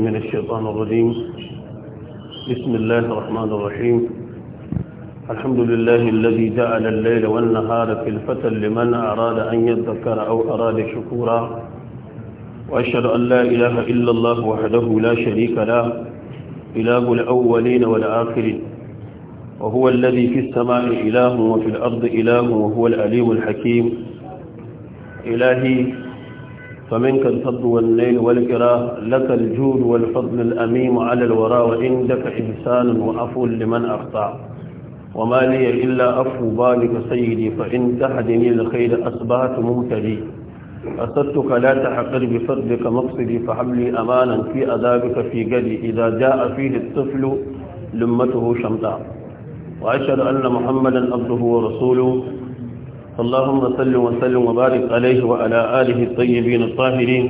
من الشيطان الرجيم بسم الله الرحمن الرحيم الحمد لله الذي جعل الليل والنهار في الفتى لمن أراد أن يذكر أو أراد شكورا وأشهد أن لا إله إلا الله وحده لا شريك له إله الأولين والآخرين وهو الذي في السماء إله وفي الأرض إله وهو الأليم الحكيم إلهي فمنك الفضل والليل والكراه لك الجود والفضل الأميم على الورى وإندك إحسان وعفو لمن أخطأ وما لي إلا أفو بالك سيدي فإن تحدني الخير أصبحت ممتلي أصدتك لا تحقر بفضلك مقصدي فحملي أمانا في أذابك في قدي إذا جاء فيه الطفل لمته شمتا وأشهد أن محمدا عبده ورسوله اللهم صل وسلم وبارك عليه وعلى آله الطيبين الطاهرين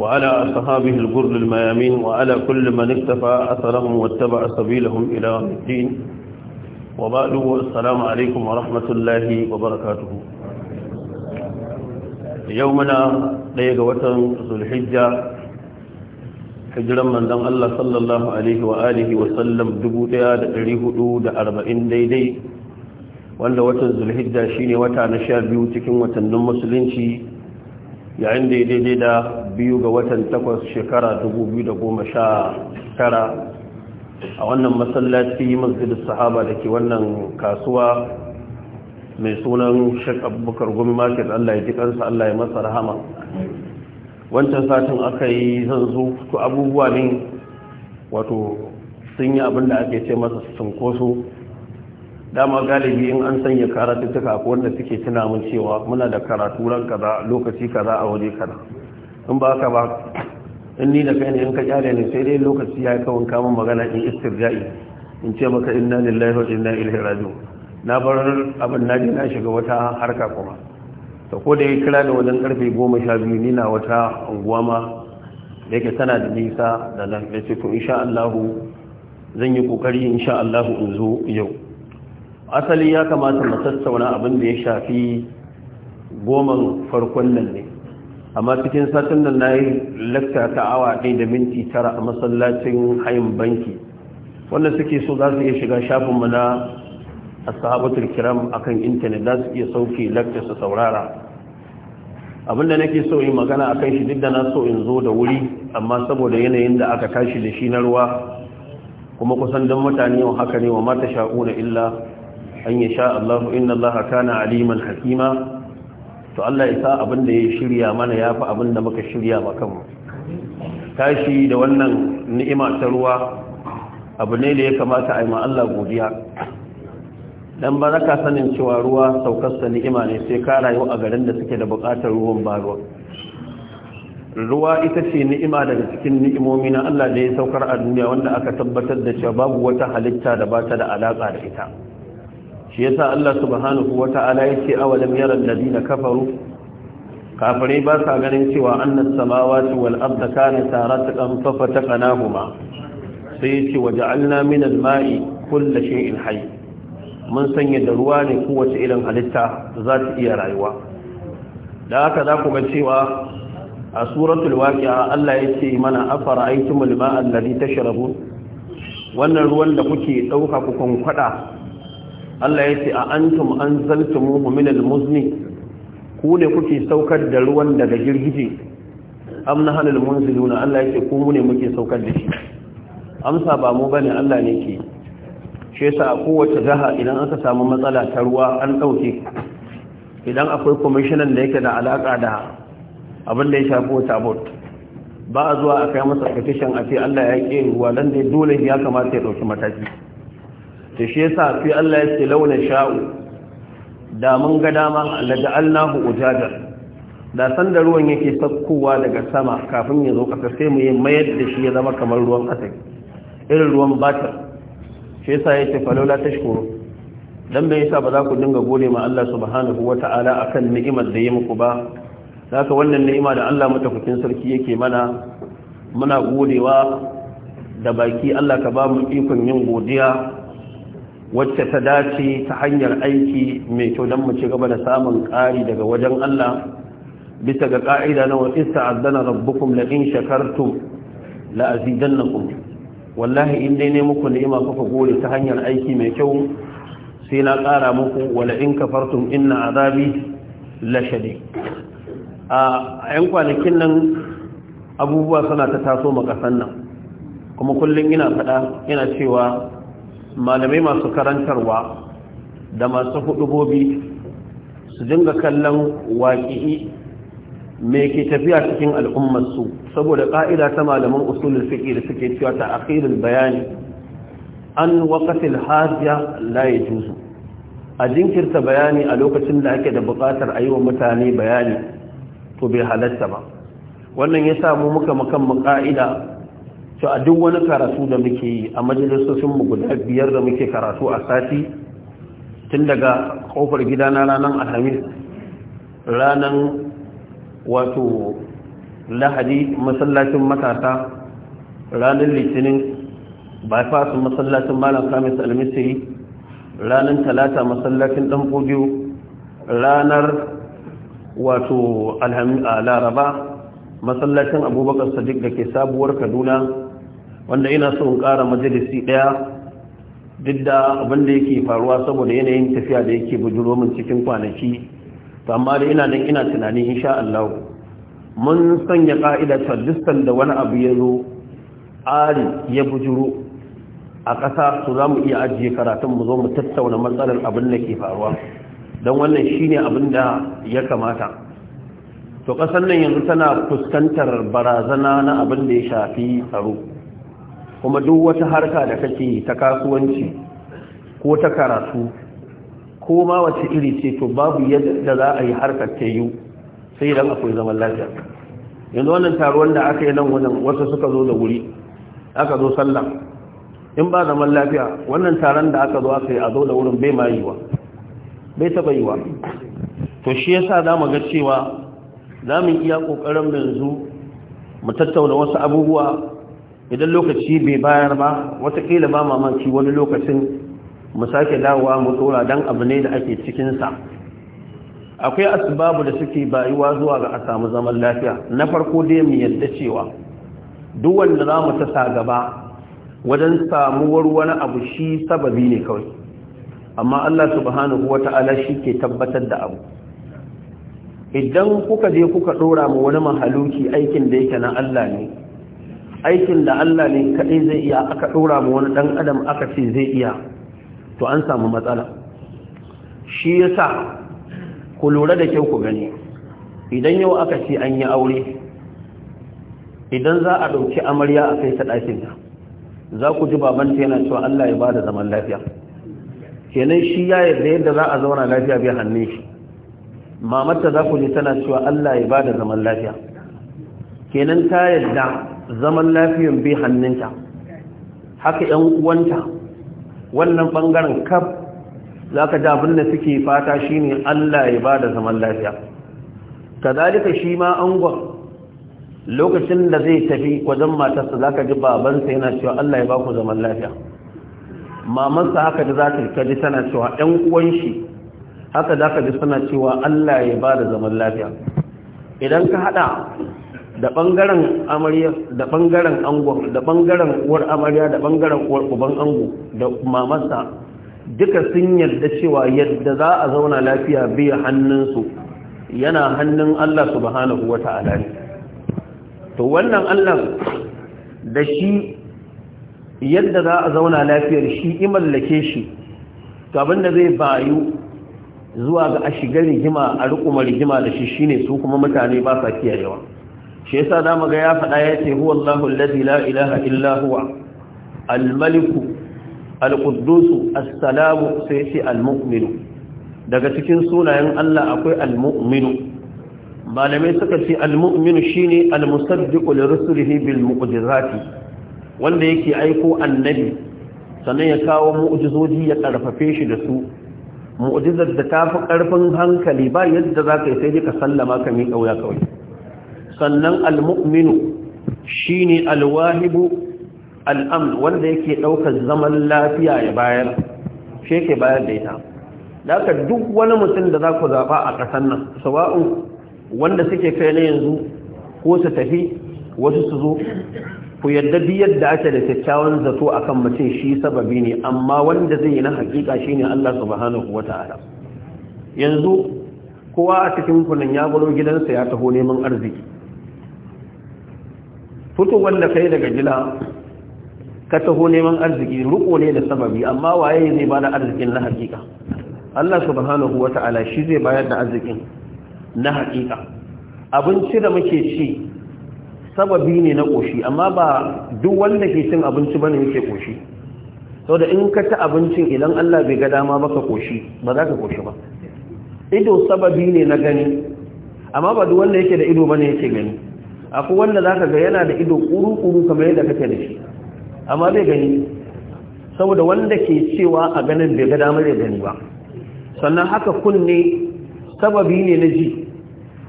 وعلى أصحابه الجر الميامين وعلى كل من اكتفى أثرهم واتبع سبيلهم إلى الدين وبعد السلام عليكم ورحمة الله وبركاته يومنا ليق وطن ذو الحجة hijiran manzon Allah sallallahu alaihi wa alihi wa sallam 1440 daidai wanda watan zulhijja shine wata na sha biyu cikin watannin musulunci yayin da ya daidai da biyu ga watan takwas shekara 2019 a wannan masallaci masjidin sahaba da ke wannan kasuwa mai sunan shek abubakar gumi market allah ya ji kansa allah ya masa rahama wancan satin aka yi zo to abubuwa ne wato sun yi abinda ake ce masa sunkoso dama galibi in an sanya karatuttuka ko wanda suke tuna mun cewa muna da karatu ran kaza lokaci kaza a waje kaza in ba ka ba in ni da kai ne in ka kyale ne sai dai lokaci ya kawo kama magana in istirja'i in ce maka inna lillahi wa inna ilaihi raji'un na bar abin naji na shiga wata harka kuma to ko da ya kira da wajen karfe 12 ni na wata unguwa ma da yake tana da nisa da nan ya ce to insha Allah zan yi kokari insha Allah in zo yau asali ya kamata mu tattauna abin da ya shafi goma farkon nan ne amma cikin satin nan na yi lakta ta awa ɗaya da minti tara a masallacin hayin banki wanda suke so za su iya shiga shafinmu na ashabatul kiram akan intanet za su iya sauke lakta su saurara Abin da nake so in magana akan shi duk da na so in zo da wuri amma saboda yanayin da aka tashi da shi na ruwa kuma kusan don mutane wa haka ne wa mata sha'una illa an ya sha Allah inna Allah kana aliman hakima to Allah ya sa abin da ya shirya mana ya fi abin da muka shirya ba kanmu tashi da wannan ni'ima ta ruwa abu ne da ya kamata a yi ma Allah godiya dan ba zaka sanin cewa ruwa saukarsa ni'ima ne sai ka rayu a garin da suke da buƙatar ruwan ba ruwa ruwa ita ce ni'ima daga cikin ni'imomi na Allah da ya saukar a duniya wanda aka tabbatar da cewa babu wata halitta da ba ta da alaƙa da ita shi yasa Allah subhanahu wata'ala yake yaran yara alladhina kafaru kafirai ba sa ganin cewa annas samawati wal arda kanat taratan fa fatqanahuma sai yace waja'alna min al-ma'i shi in hayy mun sanya da ruwa ne kowace irin halitta za ta iya rayuwa da haka za ku ga cewa a suratul waqi'a Allah ya ce mana afara'aytumul ma'a alladhi tashrabun wannan ruwan da kuke ɗauka ku kunkwada Allah ya ce a antum anzaltumuhu min al-muzni ku ne kuke saukar da ruwan daga girgije am na halal munziluna Allah ya ce ku ne muke saukar da shi amsa ba mu bane Allah ne ke shi yasa a kowace jaha idan aka samu matsala ta ruwa an dauke idan akwai kwamishinan da yake da alaka da abin da ya shafi wata bot ba a zuwa a kai masa petition a ce Allah ya ƙi ruwa dan dole ya kamata ya dauki mataki ta shi yasa fi Allah ya ce launa sha'u da mun ga dama laga Allahu ujaja da san da ruwan yake sakkowa daga sama kafin ya zo kasa sai mu yi mayar da shi ya zama kamar ruwan kasa irin ruwan batar shi yasa ya ce falola tashkuru dan me yasa ba za ku dinga gode ma Allah subhanahu wata'ala akan ni'imar da ya muku ba zaka wannan ni'ima da Allah matafukin sarki yake mana muna godewa da baki Allah ka ba mu ikon yin godiya wacce ta dace ta hanyar aiki mai kyau don mu ci gaba da samun ƙari daga wajen Allah bisa ga ƙa'ida na wasu ta'addana rabbukum la in shakartum na azidannakum wallahi in dai ne muku ni'ima kuka gore ta hanyar aiki mai kyau sai na ƙara muku wala in kafartum inna azabi la a yan kwanakin nan abubuwa suna ta taso makasan nan kuma kullum ina faɗa ina cewa malamai masu karantarwa da masu hudubobi su dinga kallon waƙi'i mai ke tafiya cikin al'ummarsu saboda ƙa'ida ta malaman usulun fiƙi da suke cewa ta akirin bayani an waƙasil hajiya laye juzu a jinkirta bayani a lokacin da ake da buƙatar a yi wa mutane bayani to bai halatta ba wannan ya samu muka makan ƙa'ida to a duk wani karatu da muke yi a mu guda biyar da muke karatu a sati tun daga kofar gida na ranar alhamis ranar wato lahadi masallacin matasa ranar litinin bypass masallacin malam kamis almisiri ranar talata masallacin dan fujiyo ranar wato Alhamis laraba masallacin abubakar sadiq da ke sabuwar kaduna wanda ina so in ƙara majalisi ɗaya duk da abin da yake faruwa saboda yanayin tafiya da yake bujuro min cikin kwanaki to amma da ina nan ina tunani insha Allah mun sanya ƙa'ida ta listan da wani abu ya zo ari ya bujuro a ƙasa su za mu iya ajiye karatun mu zo mu tattauna matsalar abin da ke faruwa don wannan shi ne abin da ya kamata to ƙasar nan yanzu tana fuskantar barazana na abin da ya shafi tsaro kuma duk wata harka da kake ta kasuwanci ko ta karatu ko ma wace iri ce to babu yadda za a yi harkar ta yi sai idan akwai zaman lafiya yanzu wannan taruwan da aka yi nan wannan wasu suka zo da wuri aka zo sallah in ba zaman lafiya wannan taron da aka zo aka yi a zo da wurin bai ma yiwa bai taba yiwa to shi yasa za mu ga cewa za mu iya ƙoƙarin yanzu mu tattauna wasu abubuwa idan lokaci bai bayar ba watakila ba mamaki wani lokacin mu sake dawowa mu tsora don abu ne da ake cikinsa akwai asibabu da suke bayuwa zuwa ga a samu zaman lafiya na farko dai mu yadda cewa duk wanda za mu tasa gaba wajen samuwar wani abu shi sababi ne kawai amma Allah subhanahu wata'ala shi ke tabbatar da abu idan kuka je kuka dora mu wani mahaluki aikin da yake na Allah ne aikin da Allah ne kaɗai zai iya aka ɗora ma wani ɗan adam aka ce zai iya to an samu matsala shi ya sa ku lura da kyau ku gani idan yau aka ce an yi aure idan za a ɗauki amarya a kai ta ɗakin za ku ji babanta yana cewa Allah ya ba da zaman lafiya kenan shi ya yarda yadda za a zauna lafiya bai hannun shi mamarta za ku ji tana cewa Allah ya ba da zaman lafiya kenan ta yarda zaman lafiyan bai hannunta haka ‘yan uwanta wannan ɓangaren kaf za ka abin da suke fata shi ne Allah ya ba da zaman lafiya kazalika shi ma angon lokacin da zai tafi wajen matarsa za ka ji babansa yana cewa Allah ya ba ku zaman lafiya mamansa haka da za ka ji tana cewa ‘yan uwan shi haka za ka ji suna cewa Allah ya ba da zaman lafiya idan ka haɗa da bangaren amarya da bangaren ango da bangaren uwar amarya da bangaren uwar uban ango da mamarsa duka sun yarda cewa yadda za a zauna lafiya biya hannunsu yana hannun Allah subhanahu wa ta'ala ne to wannan Allah da shi yadda za a zauna lafiyar shi imallake shi abin da zai bayu zuwa ga a shiga rigima a rikuma rigima da shi shine su kuma mutane ba sa kiyayewa shi yasa zamu ga ya faɗa yace huwallahu Allahu allazi la ilaha illa huwa al-malik al-quddus as sai yace al daga cikin sunayen Allah akwai almuminu malamai suka ce almu'minu shine al-musaddiqu li bil mu'jizati wanda yake aiko annabi sannan ya kawo mu'jizoji ya karfafe shi da su mu'jizar da ta fi karfin hankali ba yadda za ka yi sai ka sallama ka mi kauya kawai sannan al-mu'minu shine al-wahibu al wanda yake ɗaukar zaman lafiya ya bayar shi yake bayar da ita daga duk wani mutum da za ku zaɓa a ƙasar nan sawa'un wanda suke kai na yanzu ko su tafi wasu su zo ku yadda duk yadda ake da kyakkyawan zato akan mutum shi sababi ne amma wanda zai yi na hakika shine Allah subhanahu wata'ala yanzu kowa a cikin kunan ya gulo gidansa ya taho neman arziki fito wanda kai daga gida ka taho neman arziki riko ne da sababi amma waye zai bada arzikin na hakika Allah subhanahu wata'ala shi zai bayar da arzikin na hakika abinci da muke ci sababi ne na koshi amma ba duk wanda ke cin abinci bane yake koshi saboda in ka ci abincin idan Allah bai ga dama baka koshi ba za ka koshi ba ido sababi ne na gani amma ba duk wanda yake da ido bane yake gani akwai wanda za ka ga yana da ido ƙuru-ƙuru kamar yadda kake da shi amma bai gani saboda wanda ke cewa a ganin bai ga damar ya gani ba sannan haka kunne sababi ne na ji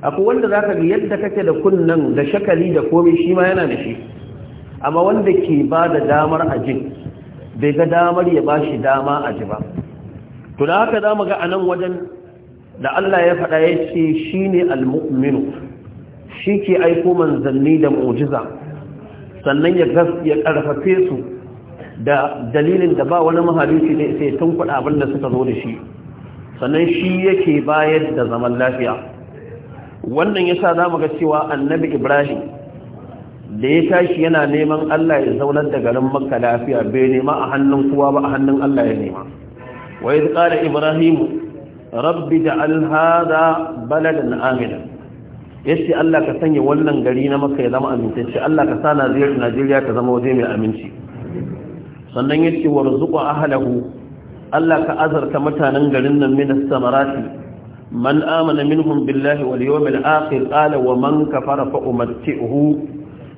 akwai wanda za ka ga yadda kake da kunnan da shakali da komai shi ma yana da shi amma wanda ke ba da damar a jin bai ga damar ya ba shi dama a ji ba to da haka za mu ga a nan wajen da Allah ya faɗa ya ce shi ne al-muminu. shi ke aiko manzanni da mu'jiza sannan ya karfafe su da dalilin da ba wani mahalici ne sai tun kuɗa abin da suka zo da shi sannan shi yake bayar da zaman lafiya wannan yasa za mu ga cewa annabi ibrahim da ya tashi yana neman Allah ya zaunar da garin makka lafiya bai nema a hannun kowa ba a hannun Allah ya nema wa iz qala ibrahim rabbi da hadha baladan amina yace Allah ka sanya wannan gari na maka ya zama amintacce Allah ka sa Najeriya ta zama waje mai aminci sannan yace warzuqa ahlahu Allah ka azarta mutanen garin nan min samarati man amana minhum billahi wal yawmil akhir qala wa man kafara fa umatti'uhu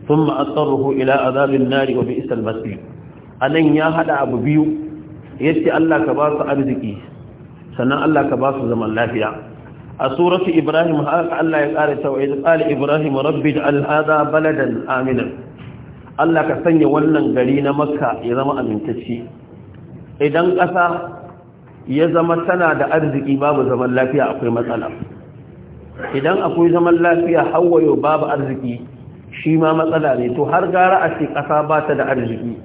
thumma asarruhu ila adhabin nar wa bi'sal masir anan ya hada abu biyu yace Allah ka ba su arziki sannan Allah ka ba su zaman lafiya a suratu ibrahim haka Allah ya ƙara cewa ya ibrahim rabbi Alhaza, baladan aminan Allah ka sanya wannan gari na makka ya zama amintacce idan ƙasa ya zama tana da arziki babu zaman lafiya akwai matsala idan akwai zaman lafiya hawaye babu arziki shi ma matsala ne to har gara a ce ƙasa ba ta da arziki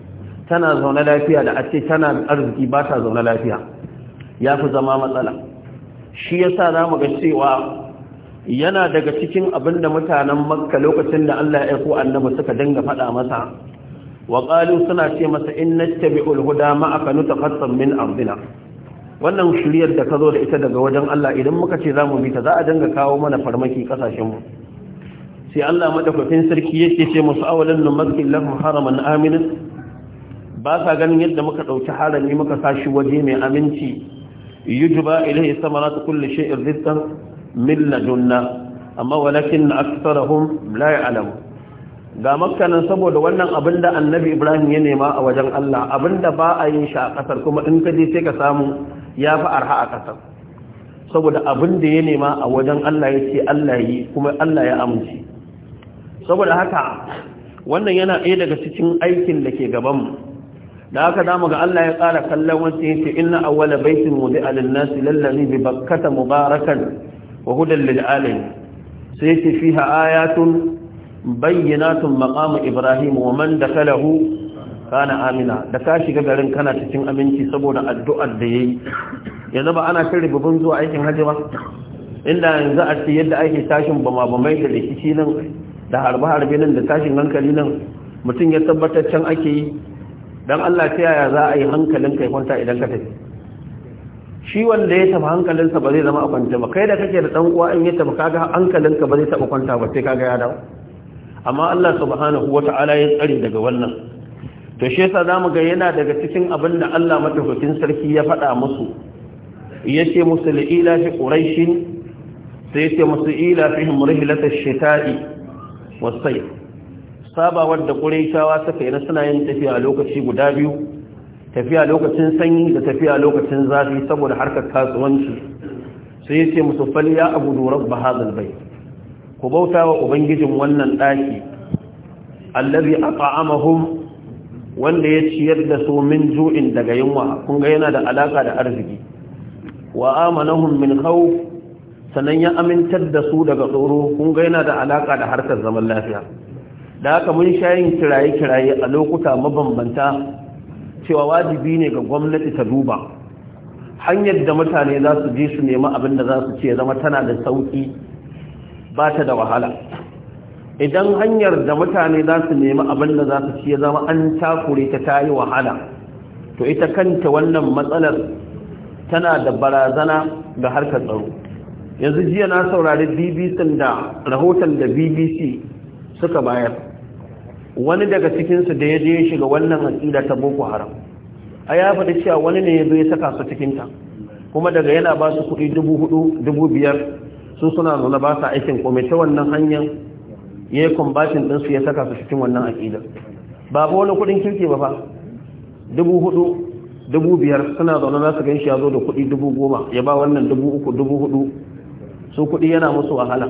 tana zaune lafiya da a ce tana arziki ba ta zaune lafiya ya fi zama matsala shi yasa za mu ga cewa yana daga cikin abin da mutanen makka lokacin da Allah ya ku annabi suka dinga faɗa masa wa qalu suna ce masa inna tabi'ul huda ma aka nutakhassam min ardina wannan shiryar da ka zo da ita daga wajen Allah idan muka ce za mu bi ta za a dinga kawo mana farmaki kasashen mu sai Allah madafafin sarki yake ce musu awalan numakkin lahum haraman aminin ba sa ganin yadda muka ɗauki harami muka sashi waje mai aminci yujba ilayhi samaratu kulli shay'in rizqan min ladunna amma walakin aktharuhum la ya'lamu ga makkanan saboda wannan abinda annabi ibrahim ya nema a wajen Allah abinda ba a yin shi a kasar kuma in ka je sai ka samu ya fi arha a kasar saboda da ya nema a wajen Allah ya ce Allah yi kuma Allah ya amince saboda haka wannan yana ɗaya daga cikin aikin da ke gaban. da haka zamu ga Allah ya tsara kallon wanda yace inna awwala baitin wudi'a lin-nas lallazi bi bakkata mubarakan wa hudan lil-alamin sai yace fiha ayatun bayyinatun maqamu ibrahim wa man dakalahu kana amina da ka shiga garin kana cikin aminci saboda addu'ar da yayi yanzu ba ana kan rububin zuwa aikin hajji ba inda yanzu a ce yadda ake tashin bama-bamai da rikici nan da harbe-harbe nan da tashin hankali nan mutum ya tabbatar can ake yi don Allah ta yaya za a yi hankalin kai kwanta idan ka tafi shi wanda ya tafi hankalinsa ba zai zama a kwanta ba kai da kake da dan uwa in ya tafi kaga hankalinka ba zai taba kwanta ba sai kaga ya dawo amma Allah subhanahu wata'ala ya tsare daga wannan to shi yasa zamu ga yana daga cikin abin da Allah madaukakin sarki ya faɗa musu yace musu ila fi quraish sai yace musu ila fihim rihlatash shita'i was-sayf saba wadda ƙuraishawa suka yi suna yin tafiya lokaci guda biyu tafiya lokacin sanyi da tafiya lokacin zafi saboda harkar kasuwanci sai ya ce musu ya abu durar ba hazal bai ku bauta wa ubangijin wannan ɗaki allazi a ta'amahum wanda ya ciyar da su min ju'in daga yunwa kun ga yana da alaka da arziki wa amanahum min khawf sannan ya amintar da su daga tsoro kun ga yana da alaka da harkar zaman lafiya da haka mun shayin kiraye-kiraye a lokuta mabambanta cewa wajibi ne ga gwamnati ta duba hanyar da mutane za su je su nemi abin da za su ce zama tana da sauƙi ba ta da wahala idan hanyar da mutane za su nemi abin da za su ce zama an takure ta ta yi wahala to ita kanta wannan matsalar tana da barazana ga harkar tsaro yanzu jiya na saurari bbc da rahoton da bbc suka bayar wani daga cikinsu da ya je ya shiga wannan aƙida ta boko haram a ya faɗi cewa wani ne ya zo ya saka su cikinta kuma daga yana ba su kuɗi dubu hudu dubu biyar su suna zaune ba sa aikin komai ta wannan hanyar ya yi kwambatin ɗinsu ya saka su cikin wannan aƙida ba ba wani kuɗin kirki ba ba dubu hudu dubu biyar suna zaune za su ganshi ya zo da kuɗi dubu goma ya ba wannan dubu uku dubu hudu su kuɗi yana musu wahala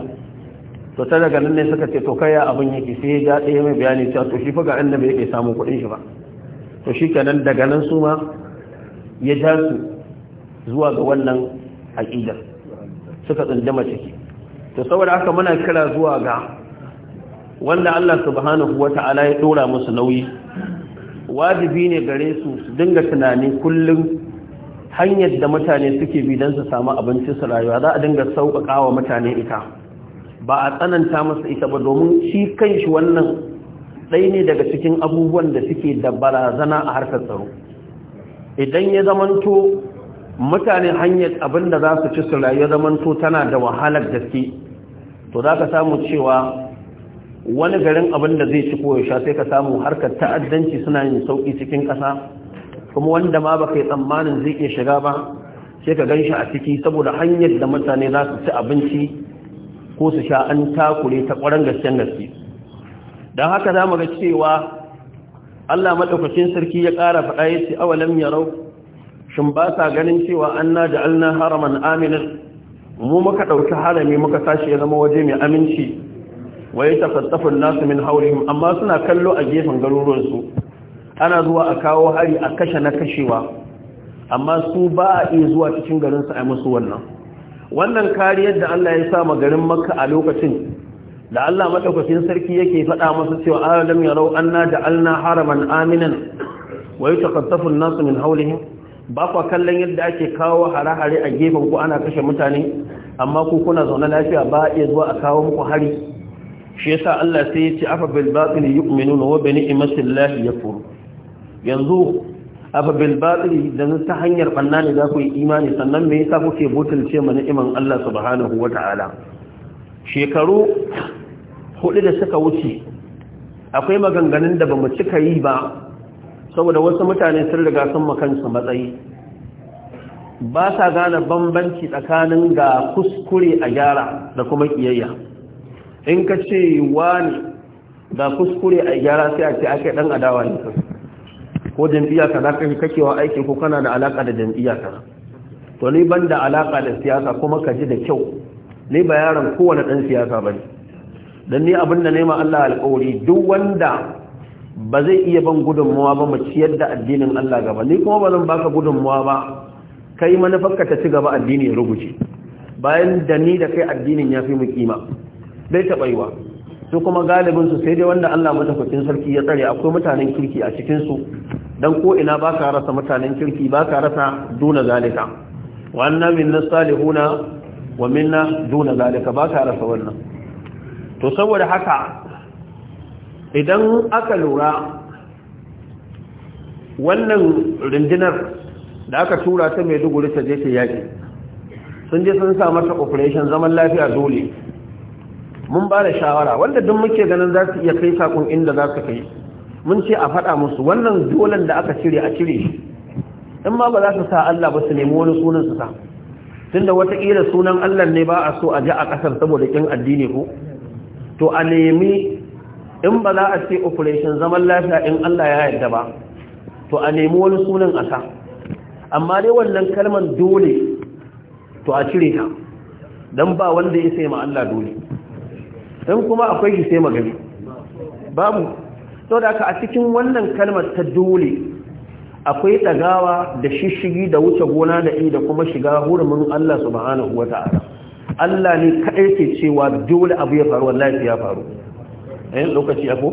to ta daga nan ne suka ce to kai abin yake sai ya ɗaya mai bayani cewa to shi fa ga annabi yake samun kuɗin shi ba to shi kenan daga nan su ma ya ja su zuwa ga wannan aƙidar suka tsundama ciki to saboda haka muna kira zuwa ga wanda Allah subhanahu wata'ala ya dora musu nauyi wajibi ne gare su su dinga tunani kullum hanyar da mutane suke bi don su samu abincin su rayuwa za a dinga sauƙaƙa wa mutane ita ba a tsananta masa ita ba domin shi shi wannan ɗai ne daga cikin abubuwan da suke da barazana a harkar tsaro idan ya zamanto mutane hanyar abin da za su ci su rayu zamanto tana da wahalar gaske to za ka samu cewa wani garin abin da zai ci koyo sha sai ka samu harkar ta'addanci suna yin sauƙi cikin ƙasa kuma wanda ma ba kai tsammanin zai iya shiga ba sai ka gan shi a ciki saboda hanyar da mutane za su ci abinci ko su sha an takure ta ƙwarar gasken gaske don haka za mu ga cewa Allah maɗaukacin sarki ya ƙara faɗa ya ce awalam ya rau shin ba sa ganin cewa an na da alna haraman aminin mu muka ɗauki harami muka sashi ya zama waje mai aminci wa ya tafattafin nasu min haurihim amma suna kallo a gefen garuruwansu ana zuwa a kawo hari a kashe na kashewa amma su ba a iya zuwa cikin garinsu a musu wannan wannan kariyar da Allah ya sa ma garin makka a lokacin da Allah madaukakin sarki yake faɗa masa cewa alam yarau anna alna haraman aminan wa yataqaffafu nasu min haulihin ba kwa kallon yadda ake kawo hare-hare a gefen ku ana kashe mutane amma ku kuna zaune lafiya ba iya zuwa a kawo muku hari shi yasa Allah sai ya ce afa bil batil yu'minuna wa bi ni'mati yakfur yanzu afa bil batil dan ta hanyar banna ne za ku yi imani sannan me yasa kuke butulce ma ni'iman Allah subhanahu wata'ala shekaru hudu da suka wuce akwai maganganun da bamu cika yi ba saboda wasu mutane sun riga sun makansu matsayi ba sa gane bambanci tsakanin ga kuskure a gyara da kuma kiyayya in ka ce wani ga kuskure a gyara sai a ce ake dan adawa ne ko jam'iyya ka kake wa aikin ko kana da alaka da jam'iyya ka to ni ban da alaka da siyasa kuma ka ji da kyau ni ba yaron kowane dan siyasa ba ne dan ni abin da nema Allah alƙawari duk wanda ba zai iya ban gudunmawa ba mu ci da addinin Allah gaba ni kuma ba zan baka gudunmawa ba kai manufarka ta ci gaba addini ya rubuce bayan da ni da kai addinin ya fi mu kima bai taɓa yiwa su kuma galibin su sai dai wanda Allah madaukakin sarki ya tsare akwai mutanen kirki a cikin su dan ko ina baka rasa mutanen kirki baka rasa duna zalika wa anna minna salihuna wa minna duna zalika baka rasa wannan to saboda haka idan aka lura wannan rundunar da aka tura ta mai duguri ta je ta yaki sun je sun sa mata operation zaman lafiya dole mun ba da shawara wanda duk muke ganin za su iya kai sakon inda za su kai mun ce a faɗa musu wannan dolan da aka cire a cire shi in ma ba za su sa Allah ba su nemi wani sunan su sa tunda wataƙila sunan Allah ne ba a so a ji a ƙasar saboda kin addini ko to a nemi in ba za a ce operation zaman lafiya in Allah ya yarda ba to a nemi wani sunan a sa amma dai wannan kalmar dole to a cire ta don ba wanda ya sai ma Allah dole Idan kuma akwai shi sai magani babu to da a cikin wannan kalmar ta dole akwai ɗagawa da shishigi da wuce gona da i kuma shiga hurumin Allah subhanahu wa ta'ala Allah ne kaɗai ke cewa dole abu ya faru wallahi ya faru eh lokaci ya ko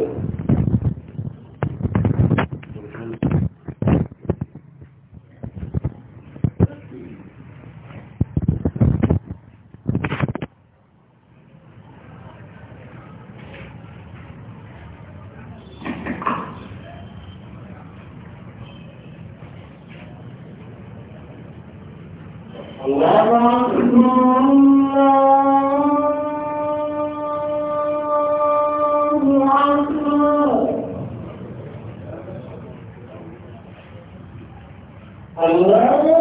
الله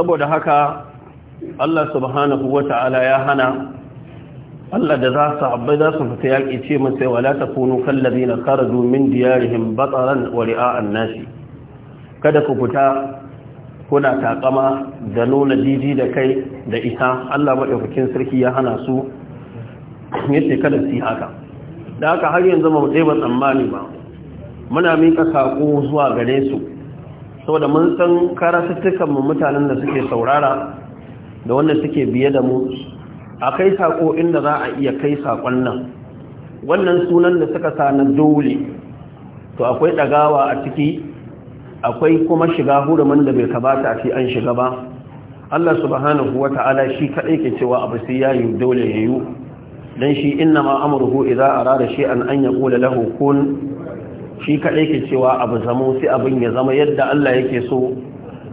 saboda haka Allah subhanahu wata'ala ya hana Allah da za su za su fita yaƙi ce masai wala ta kunu kallabi na karzu min diyarihim batsaran wari'a nashi. kada ku fita kuna takama da nuna jiji da kai da isa Allah maɗaukakin sarki ya hana su yace kada su yi haka da haka har yanzu ba mu ɗaya ba tsammani ba muna miƙa saƙo zuwa gare su saboda mun san karatuttukan mu mutanen da suke saurara da wanda suke biye da mu akai sako inda za a iya kai sakon nan wannan sunan da suka sa dole to akwai dagawa a ciki akwai kuma shiga hurumin da bai kamata a ci an shiga ba Allah subhanahu wata'ala shi kadai ke cewa abu sai yayi dole yayi dan shi inna ma amruhu idza arada shay'an an yaqula lahu kun shi kaɗai ke cewa abu zamo sai abin ya zama yadda Allah yake so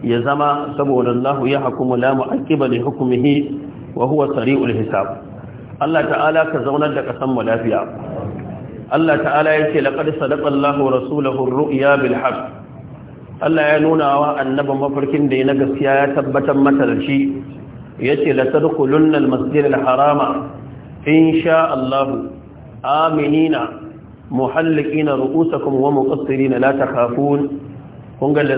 ya zama saboda Allah ya hukumu la a li hukmihi wa huwa sari'ul hisab Allah ta'ala ka zaunar da kasan mu lafiya Allah ta'ala yake laqad sadaqa Allahu rasuluhu ar-ru'ya bil Allah ya nuna wa mafarkin da ya na gaskiya ya tabbatar mata da shi yace la tadkhulunna al-masjid harama in sha Allah aminina muhallikina ru'usakum wa muqassirina la takhafun Kunga ga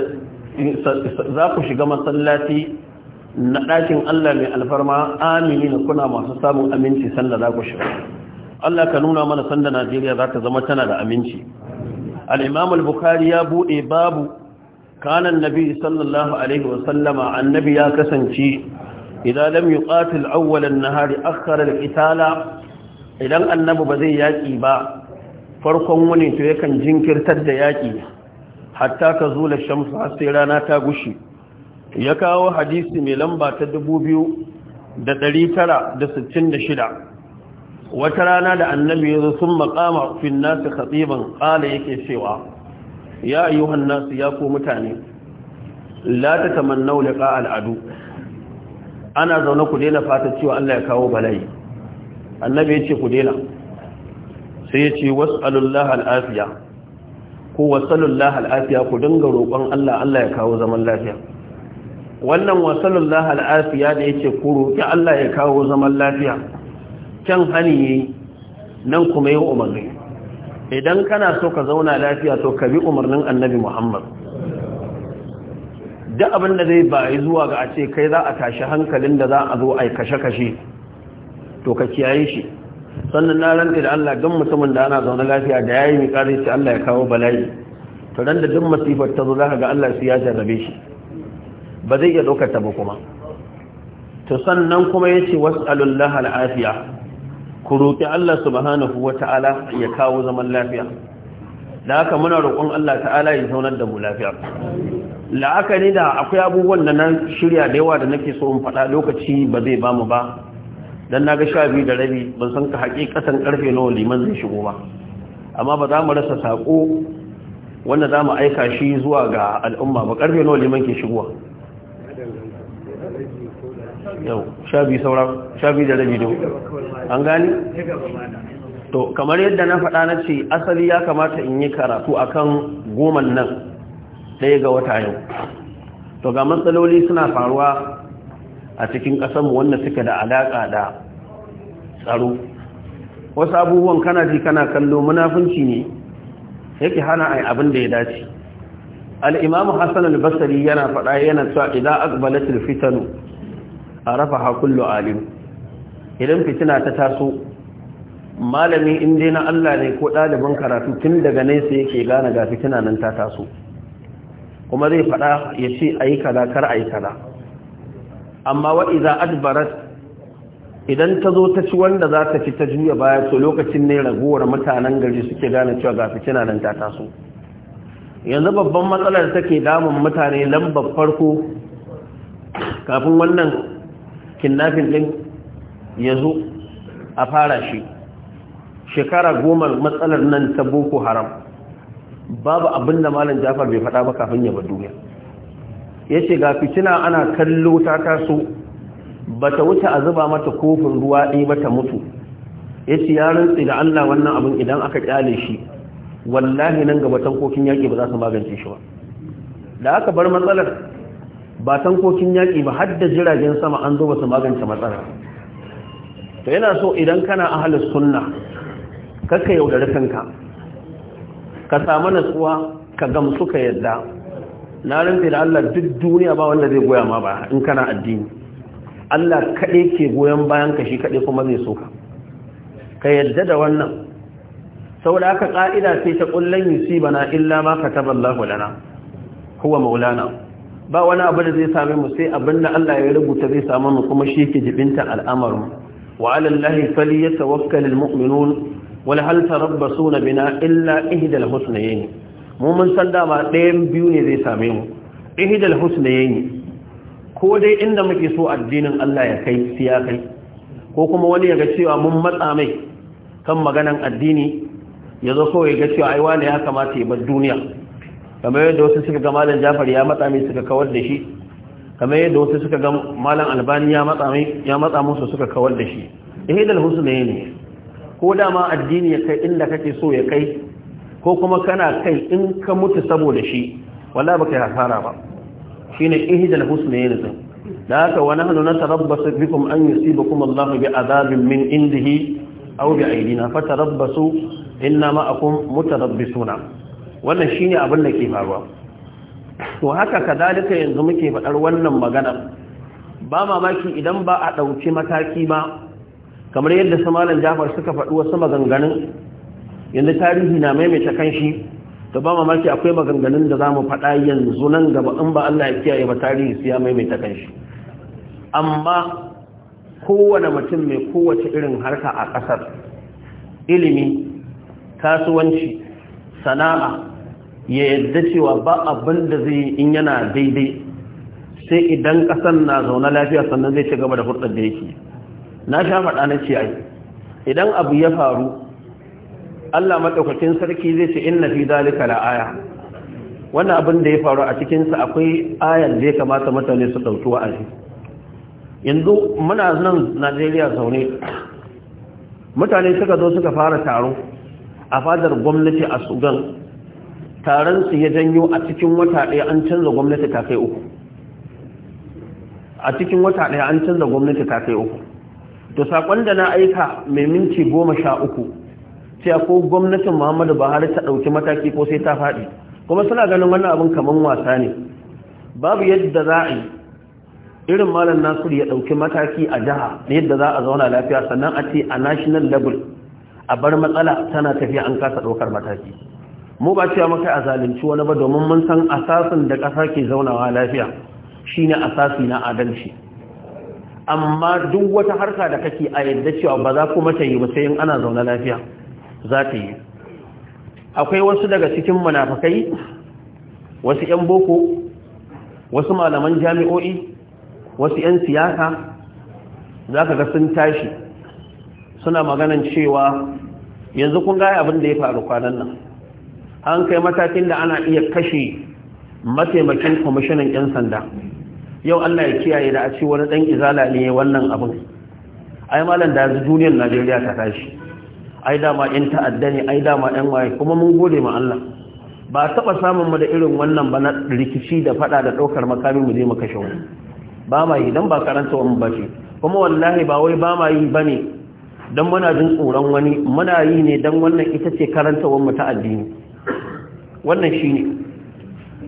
za ku shiga masallaci na ɗakin Allah mai alfarma amini na kuna masu samun aminci sanda za ku shiga Allah ka nuna mana sanda Najeriya za ta zama tana da aminci al-Imam al-Bukhari ya bude babu kanan nabi sallallahu alaihi wa sallama annabi ya kasance idan lam yuqatil awwal an-nahari akhara al-qitala idan annabi ba zai yaki ba farkon wani to yakan jinkirtar da yaƙi hatta ka zo da shamsu har sai rana ta gushi ya kawo hadisi mai lamba ta shida. wata rana da annabi ya zo sun makama fin nasu khatiban ƙala yake cewa ya ayyuhan nasu ya ko mutane la ta tamannau al'adu ana zaune ku daina fata cewa Allah ya kawo bala'i annabi ya ce ku daina sai ya ce wasallallahu al'afiya ko wasallallahu al'afiya ku dinga roƙon Allah Allah ya kawo zaman lafiya wannan wasallallahu al'afiya da yake ku roƙi Allah ya kawo zaman lafiya can hani nan kuma yi umarni idan kana so ka zauna lafiya to ka bi umarnin annabi Muhammad duk abin da zai ba zuwa ga a ce kai za a tashi hankalin da za a zo a kashe-kashe to ka kiyaye shi sannan na ranta da Allah gan mutumin da ana zaune lafiya da yayi mai kare shi Allah ya kawo bala'i to ran da duk masifar ta zo zaka ga Allah sai ya jarrabe shi ba zai iya ɗaukar ta ba kuma to sannan kuma yace was'alullah al'afiya ku roki Allah subhanahu wata'ala ya kawo zaman lafiya da haka muna roƙon Allah ta'ala ya zaunar da mu lafiya la'akari da akwai abubuwan da na shirya da yawa da nake so in faɗa lokaci ba zai ba mu ba dan naga sha biyu da rabi ban san ka hakikatan karfe nawa liman zai shigo ba amma ba za mu rasa sako wanda za mu aika shi zuwa ga al'umma ba karfe nawa liman ke shigowa yau sha biyu sauran sha biyu da rabi da an gani to kamar yadda na faɗa na ce asali ya kamata in yi karatu akan goman nan ɗaya ga wata yau to ga matsaloli suna faruwa a cikin ƙasanmu wanda suka da alaƙa da tsaro wasu abubuwan kana ji kana kallo munafunci ne yake hana ai abin da ya dace al'imamu hassan al-basari yana faɗa yana cewa idan akbalatul fitanu a rafa hakullu alim idan fitina ta taso malami in dai na Allah ne ko ɗaliban karatu tun daga nesa yake gane ga fitina nan ta taso kuma zai faɗa ya ce a yi kar a yi amma wa iza adbarat idan ta zo ta ci wanda za ta ci ta juya baya to lokacin ne ragowar mutanen gari suke gane cewa ga fitina nan ta taso yanzu babban matsalar take damun mutane lambar farko kafin wannan kinnafin din ya zo a fara shi shekara goma matsalar nan ta boko haram babu abinda malam jafar bai faɗa ba kafin ya ba duniya ya ce ga fitina ana kallo ta taso ba ta wuce a zuba mata kofin ruwa ɗaya ba ta mutu ya ce ya rantsi da allah wannan abin idan aka ƙyale shi wallahi nan gaba tankokin yaƙi ba za su magance shi ba da aka bar matsalar ba tankokin yaƙi ba har jiragen sama an zo ba su magance matsalar to yana so idan kana ahalus sunna kakka yaudari kanka ka samu natsuwa ka gamsu ka yadda na rinfe da Allah duk duniya ba wanda zai goya ma ba in kana addini Allah kaɗai ke goyon bayan ka shi kaɗai kuma zai so ka ka yadda da wannan saboda haka ƙa'ida sai ta ƙullon bana illa ma taɓa Allahu lana huwa maulana ba wani abu da zai same mu sai abin da Allah ya rubuta zai samu mu kuma shi yake jibinta al'amarin wa ala Allahi falyatawakkalul mu'minun wal hal tarabbasuna bina illa ihdal ne. mu mun san dama ɗayan biyu ne zai same mu ya yi. ko dai inda muke so addinin Allah ya kai siya kai ko kuma wani ya ga cewa mun matsa mai kan maganan addini ya zo so ya ga cewa ai wani ya kamata ya bar duniya kamar yadda wasu suka ga malam Jafar ya matsa mai suka kawar da shi kamar yadda wasu suka ga malam Albani ya matsa mai ya matsa musu suka kawar da shi ya husnayn ko dama addini ya kai inda kake so ya kai ko kuma kana kai in ka mutu saboda shi wala baka yi hasara ba shine ihdal husnayn din da haka wa nahnu natarabbasu bikum an yusibakum Allahu bi azabin min indihi aw bi aydina fatarabbasu inna ma'akum mutarabbisuna wannan ne abin da ke faruwa to haka kadalika yanzu muke faɗar wannan magana ba mamaki idan ba a ɗauki mataki ba kamar yadda su malam Jafar suka faɗi wasu maganganun yanzu tarihi na maimaita kanshi to ba mamaki akwai maganganun da zamu faɗa yanzu nan gaba in ba Allah ya kiyaye ba tarihi sai ya maimaita kanshi amma kowane mutum mai kowace irin harka a ƙasar ilimi kasuwanci sana'a ya yadda cewa ba abin da zai in yana daidai sai idan ƙasar na zaune lafiya sannan zai ci gaba da hurɗar da yake na sha faɗa na ciyayi, idan abu ya faru Allah maɗaukacin sarki zai ce inna fi dalika la aya wannan abin da ya faru a cikin sa akwai ayan da ya kamata mutane su dauki wa'azi yanzu muna nan Najeriya zaune mutane suka zo suka fara taro a fadar gwamnati a Sudan taron su ya janyo a cikin wata ɗaya an canza gwamnati ta kai uku a cikin wata ɗaya an canza gwamnati ta kai uku to sakon da na aika mai minti goma sha uku sai ko gwamnatin muhammadu buhari ta ɗauki mataki ko sai ta faɗi kuma suna ganin wannan abin kamar wasa ne babu yadda za a yi irin malam nasiru ya ɗauki mataki a jiha na yadda za a zauna lafiya sannan a ce a national level a bar matsala tana tafiya an kasa ɗaukar mataki mu ba cewa maka a zalunci wani ba domin mun san asasin da ƙasa ke zaunawa lafiya shine asasi na adalci amma duk wata harka da kake a yadda cewa ba za kuma ta yi ba sai in ana zaune lafiya za ta yi akwai wasu daga cikin munafakai wasu 'yan boko wasu malaman jami'o'i wasu 'yan siyasa za ka ga sun tashi suna maganan cewa yanzu kun gaya abin da ya faru kwanan nan an kai matakin da ana iya kashe mataimakin kwamishinan 'yan sanda yau allah ya kiyaye da a ce wani ɗan izala ne wannan abin ai malam da duniyar najeriya ta tashi ai dama in ta'adda ne ai dama ɗan waye kuma mun gode ma Allah ba taɓa samun mu da irin wannan ba na rikici da faɗa da ɗaukar makami mu je mu kashe wani ba ma yi don ba karanta wani ba ce kuma wallahi ba wai ba ma yi ba ne don muna jin tsoron wani muna yi ne don wannan ita ce karanta wani mu ta addini wannan shi ne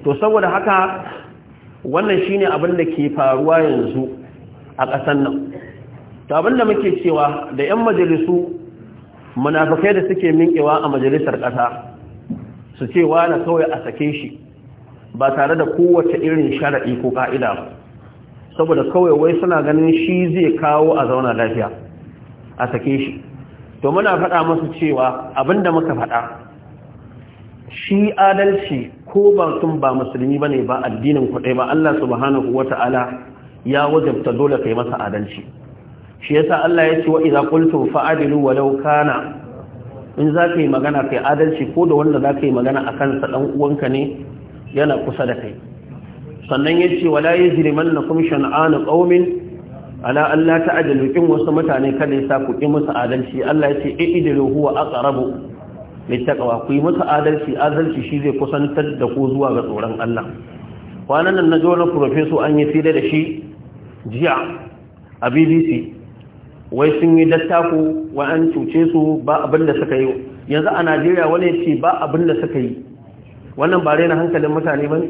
to saboda haka wannan shi ne abin da ke faruwa yanzu a ƙasar nan to abin da muke cewa da 'yan majalisu munafikai da suke minkewa a majalisar ƙasa su ce na kawai a sake shi ba tare da kowace irin sharaɗi ko ka'ida ba saboda kawai wai suna ganin shi zai kawo a zauna lafiya a sake shi to muna faɗa masu cewa abinda muka faɗa shi adalci ko ba sun ba musulmi ba ne ba addinin kuɗai ba Allah subhanahu wata'ala ya wajabta dole kai masa adalci shi yasa Allah ya ce wa idza qultum fa'dilu walau kana in za yi magana kai adalci ko da wanda za ka yi magana a kansa ɗan uwanka ne yana kusa da kai sannan ya ce wala ya ziriman na kuma shan'anu ala Allah ta ajalu wasu mutane kada ya sa ku ƙi musu adalci Allah ya ce e idilu huwa a ƙarabu ku yi musu adalci adalci shi zai kusantar da ku zuwa ga tsoron Allah kwanan nan na ji wani an yi fira da shi jiya a bbc wai sun yi dattako wa an cuce su ba abin da suka yi yanzu a najeriya wani ce ba abin da suka yi wannan ba raina hankalin mutane ba ne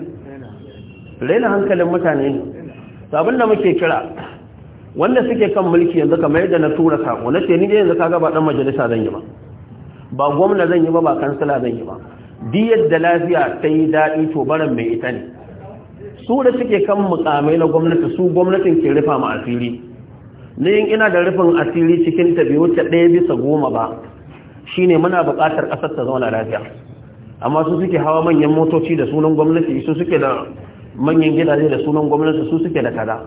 raina hankalin mutane ne abin da muke kira wanda suke kan mulki yanzu kamar yadda na tura sako na ce ni dai yanzu kaga ba dan majalisa zan yi ba ba gwamna zan yi ba ba kansila zan yi ba diyar da lafiya ta yi daɗi to baran mai ita ne su da suke kan mukamai na gwamnati su gwamnatin ke rufa ma asiri yin ina da rufin asiri cikin ta wuce ɗaya bisa goma ba shi ne muna buƙatar ƙasar ta zauna lafiya amma su suke hawa manyan motoci da sunan gwamnati su suke da manyan gidaje da sunan gwamnati su suke da kaza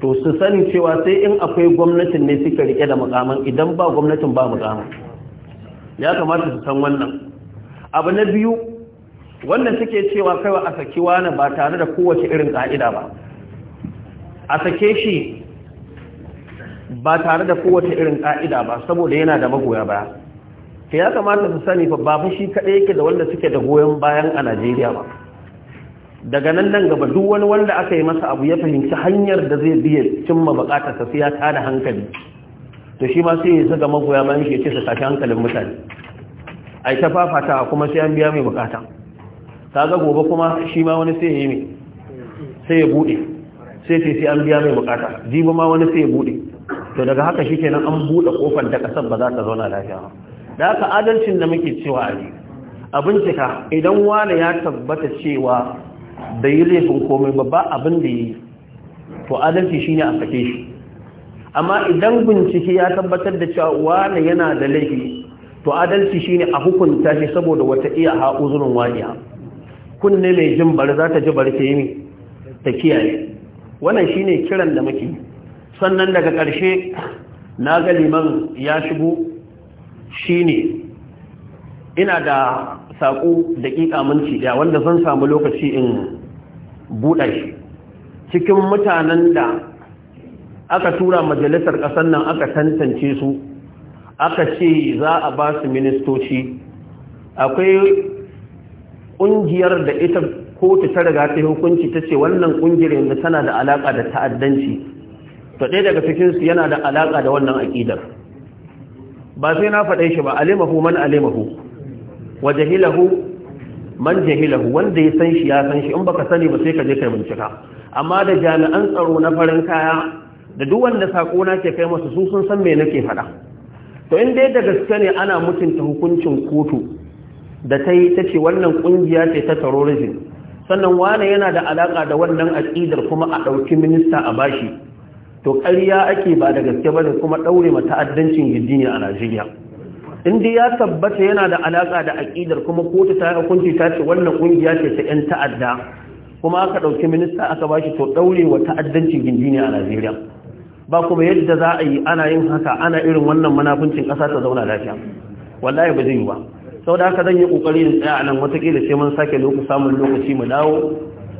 to su sani cewa sai in akwai gwamnatin ne suka rike da mukamin idan ba gwamnatin ba mukamin ya kamata su san wannan abu na biyu wanda suke cewa kaiwa a saki wani ba tare da kowace irin ƙa'ida ba a sake shi ba tare da kowace irin ka'ida ba saboda yana da magoya baya ta ya kamata su sani ba babu shi kaɗai yake da wanda suke da goyon bayan a najeriya ba daga nan nan gaba duk wani wanda aka yi masa abu ya fahimci hanyar da zai biya cimma buƙatar sai ya tada hankali to shi ma sai ya zaga magoya bayan shi ya ce su tashi hankalin mutane Ai ta fafata kuma sai an biya mai bukata ta ga gobe kuma shi ma wani sai ya yi mai sai ya buɗe sai ce sai an biya mai bukata jibi ma wani sai ya buɗe to daga haka shi ke nan an buɗe kofar da ƙasar ba za ta zauna lafiya ba da haka adalcin da muke cewa a yi a bincika idan wani ya tabbata cewa da yi laifin komai ba ba abin da yi to adalci shi ne a sake shi amma idan bincike ya tabbatar da cewa wani yana da laifi to adalci shi ne a hukunta shi saboda wata iya ha zurin waniya kunne mai jin bari za ta ji bari ta yi ta kiyaye wannan shine kiran da muke sannan daga ƙarshe na ga liman ya shigo shine ina da saƙo daƙiƙa minci ɗaya wanda zan samu lokaci in buɗa shi cikin mutanen da aka tura majalisar ƙasar nan aka tantance su aka ce za a ba su ministoci akwai ƙungiyar da ita kotu ta riga ta hukunci ta ce wannan ƙungiyar yanzu tana da alaƙa da ta'addanci to ɗaya daga cikinsu yana da alaƙa da wannan aƙidar ba sai na faɗe shi ba alimahu man alimahu wa jahilahu man jahilahu wanda ya san shi ya san shi in baka sani ba sai ka je kai bincika amma da jami'an tsaro na farin kaya da duk wanda sako na ke kai masa su sun san me nake faɗa to in dai da gaske ne ana mutunta hukuncin kotu da ta yi ta ce wannan kungiya ce ta terrorism sannan wane yana da alaka da wannan aƙidar kuma a ɗauki minista a bashi to ƙarya ake ba da gaske bane kuma ɗaure ma ta'addancin gidini a Najeriya Indi ya tabbata yana da alaƙa da aƙidar kuma kotu ta hukunci ta ce wannan ƙungiya ce ta 'yan ta'adda kuma aka ɗauki minista aka bashi to ɗaure wa ta'addancin gindi a Najeriya ba kuma yadda za a yi ana yin haka ana irin wannan manafincin ƙasa ta zauna lafiya wallahi ba zai yi ba sau da haka zan yi ƙoƙari in tsaya a nan kila sai mun sake lokaci samun lokaci mu dawo